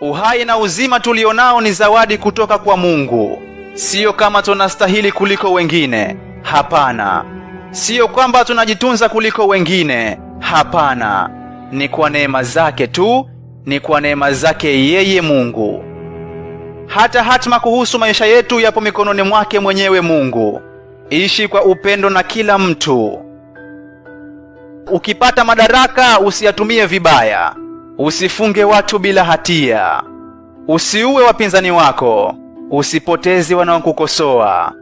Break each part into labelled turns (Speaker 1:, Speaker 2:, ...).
Speaker 1: Uhai na uzima tulionao ni zawadi kutoka kwa Mungu, siyo kama tunastahili kuliko wengine. Hapana, siyo kwamba tunajitunza kuliko wengine. Hapana, ni kwa neema zake tu, ni kwa neema zake yeye Mungu. Hata hatima kuhusu maisha yetu yapo mikononi mwake mwenyewe Mungu. Ishi kwa upendo na kila mtu. Ukipata madaraka usiyatumie vibaya. Usifunge watu bila hatia. Usiue wapinzani wako. Usipoteze wanaokukosoa.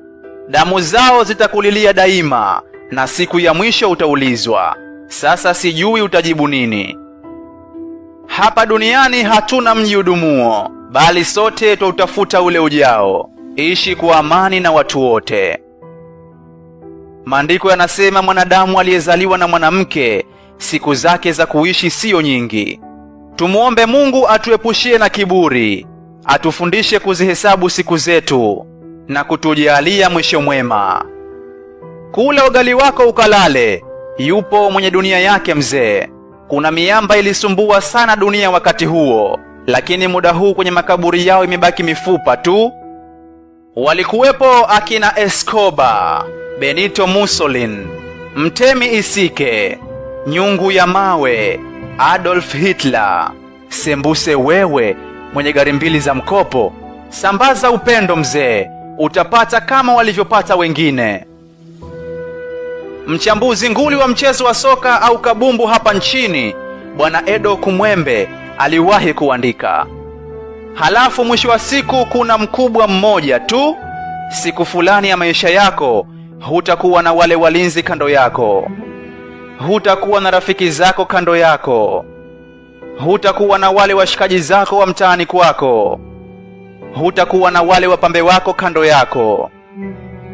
Speaker 1: Damu zao zitakulilia daima, na siku ya mwisho utaulizwa, sasa sijui utajibu nini. Hapa duniani hatuna mji udumuo, bali sote twautafuta ule ujao. Ishi kwa amani na watu wote. Maandiko yanasema mwanadamu aliyezaliwa na mwanamke, siku zake za kuishi siyo nyingi. Tumuombe Mungu atuepushie na kiburi, atufundishe kuzihesabu siku zetu na kutujalia mwisho mwema. Kula ugali wako ukalale, yupo mwenye dunia yake mzee. Kuna miamba ilisumbua sana dunia wakati huo, lakini muda huu kwenye makaburi yao imebaki mifupa tu. Walikuwepo akina Escoba, Benito Mussolini, Mtemi Isike, Nyungu ya Mawe Adolf Hitler. Sembuse wewe mwenye gari mbili za mkopo, sambaza upendo mzee, utapata kama walivyopata wengine. Mchambuzi nguli wa mchezo wa soka au kabumbu hapa nchini Bwana Edo Kumwembe aliwahi kuandika, halafu mwisho wa siku kuna mkubwa mmoja tu. Siku fulani ya maisha yako hutakuwa na wale walinzi kando yako hutakuwa na rafiki zako kando yako, hutakuwa na wale washikaji zako wa mtaani kwako, hutakuwa na wale wapambe wako kando yako.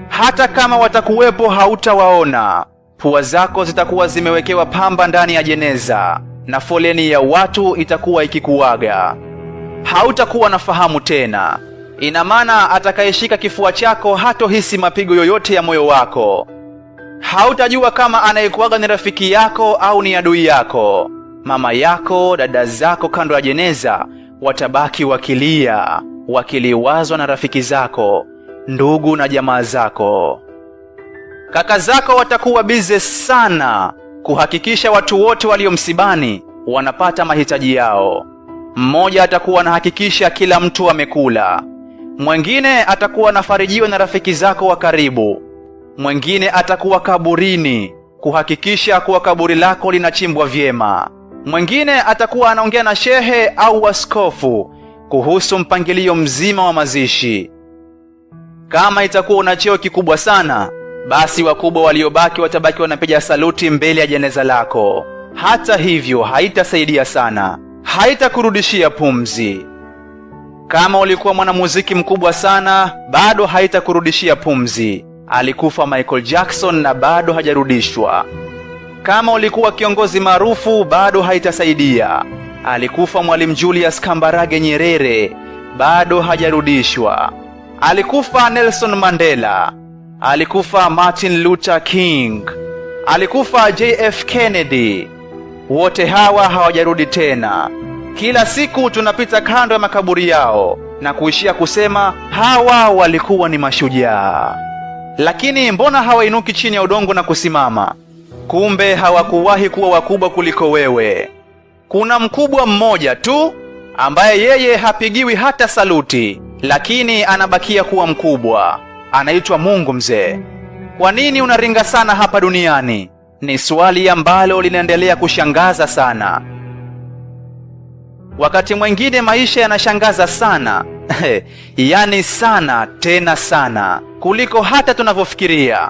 Speaker 1: Hata kama watakuwepo, hautawaona. Pua zako zitakuwa zimewekewa pamba ndani ya jeneza, na foleni ya watu itakuwa ikikuaga. Hautakuwa na fahamu tena. Ina maana atakayeshika kifua chako hatohisi mapigo yoyote ya moyo wako hautajua kama anayekuaga ni rafiki yako au ni adui yako. Mama yako, dada zako kando ya jeneza watabaki wakilia, wakiliwazwa na rafiki zako, ndugu na jamaa zako. Kaka zako watakuwa bize sana kuhakikisha watu wote walio msibani wanapata mahitaji yao. Mmoja atakuwa anahakikisha kila mtu amekula, mwengine atakuwa anafarijiwa na rafiki zako wa karibu mwingine atakuwa kaburini kuhakikisha kuwa kaburi lako linachimbwa vyema. Mwingine atakuwa anaongea na shehe au askofu kuhusu mpangilio mzima wa mazishi. Kama itakuwa una cheo kikubwa sana, basi wakubwa waliobaki watabaki wanapiga saluti mbele ya jeneza lako. Hata hivyo, haitasaidia sana, haitakurudishia pumzi. Kama ulikuwa mwanamuziki mkubwa sana, bado haitakurudishia pumzi alikufa Michael Jackson na bado hajarudishwa. Kama ulikuwa kiongozi maarufu bado haitasaidia. Alikufa Mwalimu Julius Kambarage Nyerere, bado hajarudishwa. Alikufa Nelson Mandela, alikufa Martin Luther King, alikufa JF Kennedy. Wote hawa hawajarudi tena. Kila siku tunapita kando ya makaburi yao na kuishia kusema hawa walikuwa ni mashujaa. Lakini mbona hawainuki chini ya udongo na kusimama? Kumbe hawakuwahi kuwa wakubwa kuliko wewe. Kuna mkubwa mmoja tu ambaye yeye hapigiwi hata saluti, lakini anabakia kuwa mkubwa. Anaitwa Mungu Mzee. Kwa nini unaringa sana hapa duniani? Ni swali ambalo linaendelea kushangaza sana. Wakati mwingine maisha yanashangaza sana. yaani sana tena sana kuliko hata tunavyofikiria.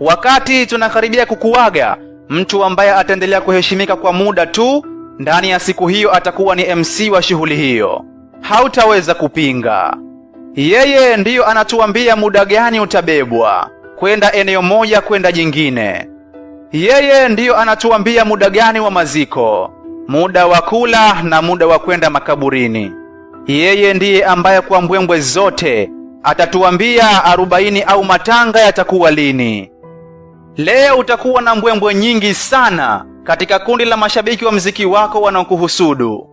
Speaker 1: Wakati tunakaribia kukuaga, mtu ambaye ataendelea kuheshimika kwa muda tu, ndani ya siku hiyo atakuwa ni MC wa shughuli hiyo, hautaweza kupinga. Yeye ndiyo anatuambia muda gani utabebwa kwenda eneo moja kwenda jingine. Yeye ndiyo anatuambia muda gani wa maziko, muda wa kula na muda wa kwenda makaburini. Yeye ndiye ambaye kwa mbwembwe zote atatuambia arobaini au matanga yatakuwa lini. Leo utakuwa na mbwembwe nyingi sana katika kundi la mashabiki wa mziki wako wanaokuhusudu.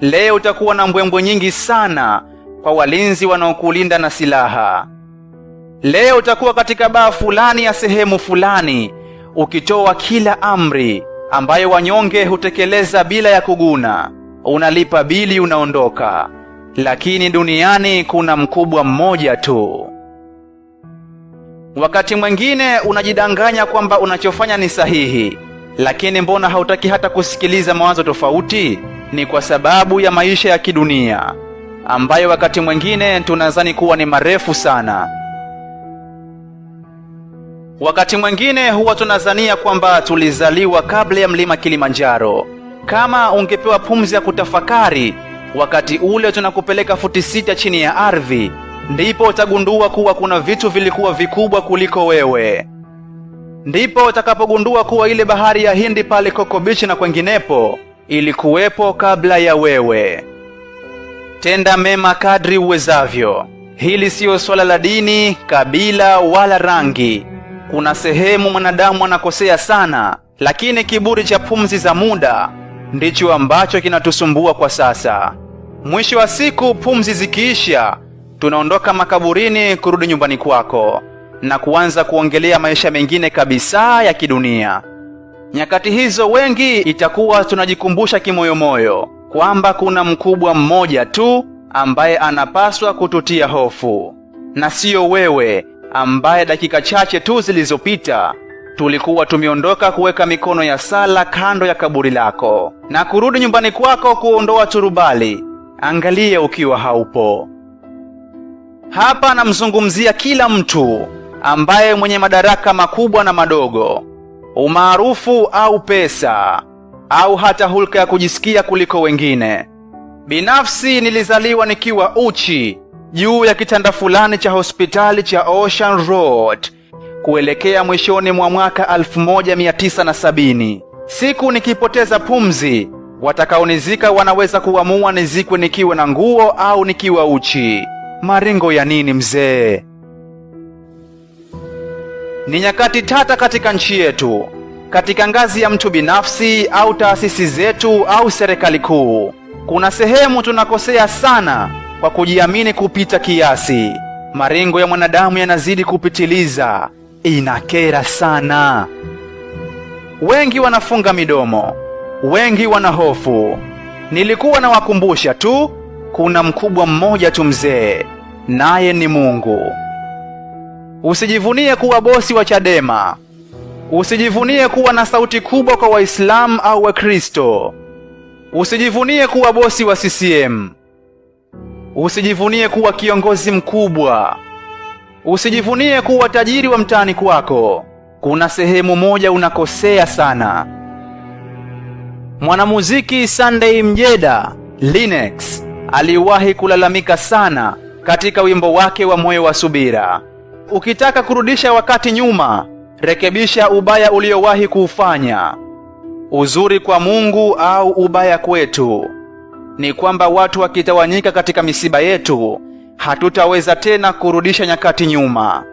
Speaker 1: Leo utakuwa na mbwembwe nyingi sana kwa walinzi wanaokulinda na silaha. Leo utakuwa katika baa fulani ya sehemu fulani ukitoa kila amri ambayo wanyonge hutekeleza bila ya kuguna. Unalipa bili, unaondoka lakini duniani kuna mkubwa mmoja tu. Wakati mwingine unajidanganya kwamba unachofanya ni sahihi, lakini mbona hautaki hata kusikiliza mawazo tofauti? Ni kwa sababu ya maisha ya kidunia ambayo wakati mwingine tunadhani kuwa ni marefu sana. Wakati mwingine huwa tunadhania kwamba tulizaliwa kabla ya mlima Kilimanjaro. Kama ungepewa pumzi ya kutafakari Wakati ule tunakupeleka futi sita chini ya ardhi, ndipo utagundua kuwa kuna vitu vilikuwa vikubwa kuliko wewe. Ndipo utakapogundua kuwa ile bahari ya Hindi pale Coco Beach na kwenginepo ilikuwepo kabla ya wewe. Tenda mema kadri uwezavyo. Hili siyo swala la dini, kabila wala rangi. Kuna sehemu mwanadamu anakosea sana, lakini kiburi cha pumzi za muda ndicho ambacho kinatusumbua kwa sasa. Mwisho wa siku, pumzi zikiisha, tunaondoka makaburini kurudi nyumbani kwako na kuanza kuongelea maisha mengine kabisa ya kidunia. Nyakati hizo wengi itakuwa tunajikumbusha kimoyomoyo kwamba kuna mkubwa mmoja tu ambaye anapaswa kututia hofu na siyo wewe ambaye dakika chache tu zilizopita tulikuwa tumeondoka kuweka mikono ya sala kando ya kaburi lako na kurudi nyumbani kwako kuondoa turubali, angalia ukiwa haupo. Hapa namzungumzia kila mtu ambaye mwenye madaraka makubwa na madogo, umaarufu au pesa, au hata hulka ya kujisikia kuliko wengine. Binafsi nilizaliwa nikiwa uchi juu ya kitanda fulani cha hospitali cha Ocean Road kuelekea mwishoni mwa mwaka 1970. Siku nikipoteza pumzi, watakaonizika wanaweza kuamua nizikwe nikiwe na nguo au nikiwa uchi. Maringo ya nini mzee? Ni nyakati tata katika nchi yetu, katika ngazi ya mtu binafsi au taasisi zetu au serikali kuu. Kuna sehemu tunakosea sana kwa kujiamini kupita kiasi. Maringo ya mwanadamu yanazidi kupitiliza inakera sana. Wengi wanafunga midomo, wengi wanahofu. Nilikuwa nawakumbusha tu, kuna mkubwa mmoja tu mzee, naye ni Mungu. Usijivunie kuwa bosi wa Chadema. Usijivunie kuwa na sauti kubwa kwa Waislamu au Wakristo. Usijivunie kuwa bosi wa CCM. Usijivunie kuwa kiongozi mkubwa. Usijivunie kuwa tajiri wa mtaani kwako. Kuna sehemu moja unakosea sana. Mwanamuziki Sunday Mjeda Linux aliwahi kulalamika sana katika wimbo wake wa Moyo wa Subira. Ukitaka kurudisha wakati nyuma, rekebisha ubaya uliowahi kuufanya. Uzuri kwa Mungu au ubaya kwetu ni kwamba watu wakitawanyika katika misiba yetu hatutaweza tena kurudisha nyakati nyuma.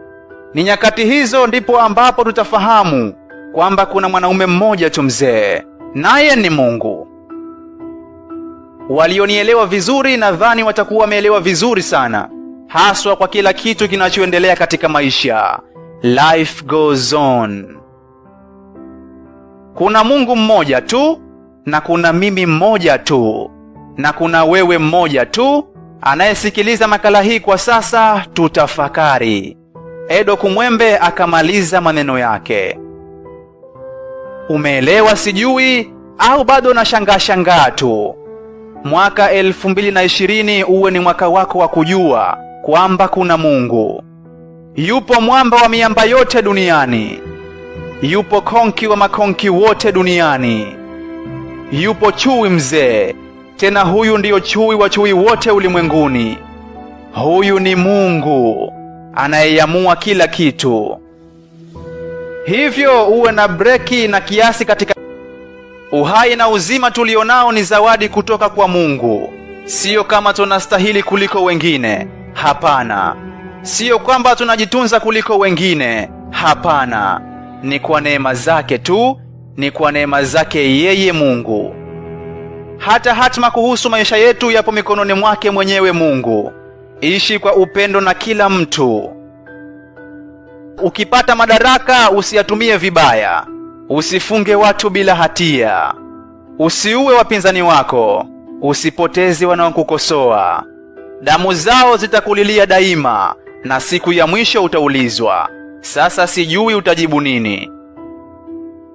Speaker 1: Ni nyakati hizo ndipo ambapo tutafahamu kwamba kuna mwanaume mmoja tu mzee, naye ni Mungu. Walionielewa vizuri, nadhani watakuwa wameelewa vizuri sana, haswa kwa kila kitu kinachoendelea katika maisha. Life goes on. Kuna Mungu mmoja tu, na kuna mimi mmoja tu, na kuna wewe mmoja tu Anayesikiliza makala hii kwa sasa, tutafakari. Edo Kumwembe akamaliza maneno yake. Umeelewa sijui, au bado unashangaa shangaa tu? Mwaka 2020 mbili na ishirini uwe ni mwaka wako wa kujua kwamba kuna Mungu. Yupo mwamba wa miamba yote duniani, yupo konki wa makonki wote duniani, yupo chui mzee tena huyu ndiyo chui wa chui wote ulimwenguni. Huyu ni Mungu anayeamua kila kitu. Hivyo uwe na breki na kiasi katika uhai na uzima tulionao ni zawadi kutoka kwa Mungu, siyo kama tunastahili kuliko wengine. Hapana, siyo kwamba tunajitunza kuliko wengine. Hapana, ni kwa neema zake tu, ni kwa neema zake yeye Mungu hata hatima kuhusu maisha yetu yapo mikononi mwake mwenyewe Mungu. Ishi kwa upendo na kila mtu. Ukipata madaraka usiyatumie vibaya. Usifunge watu bila hatia. Usiue wapinzani wako. Usipoteze wanaokukosoa. Damu zao zitakulilia daima, na siku ya mwisho utaulizwa, sasa sijui utajibu nini.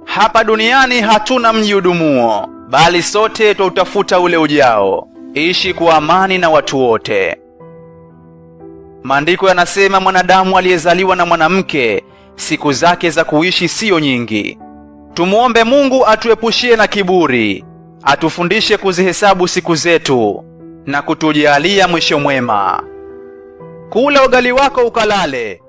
Speaker 1: Hapa duniani hatuna mji udumuo bali sote twautafuta ule ujao. Ishi kwa amani na watu wote. Maandiko yanasema mwanadamu aliyezaliwa na mwanamke, siku zake za kuishi siyo nyingi. tumuombe Mungu atuepushie na kiburi, atufundishe kuzihesabu siku zetu na kutujalia mwisho mwema. Kula ugali wako ukalale,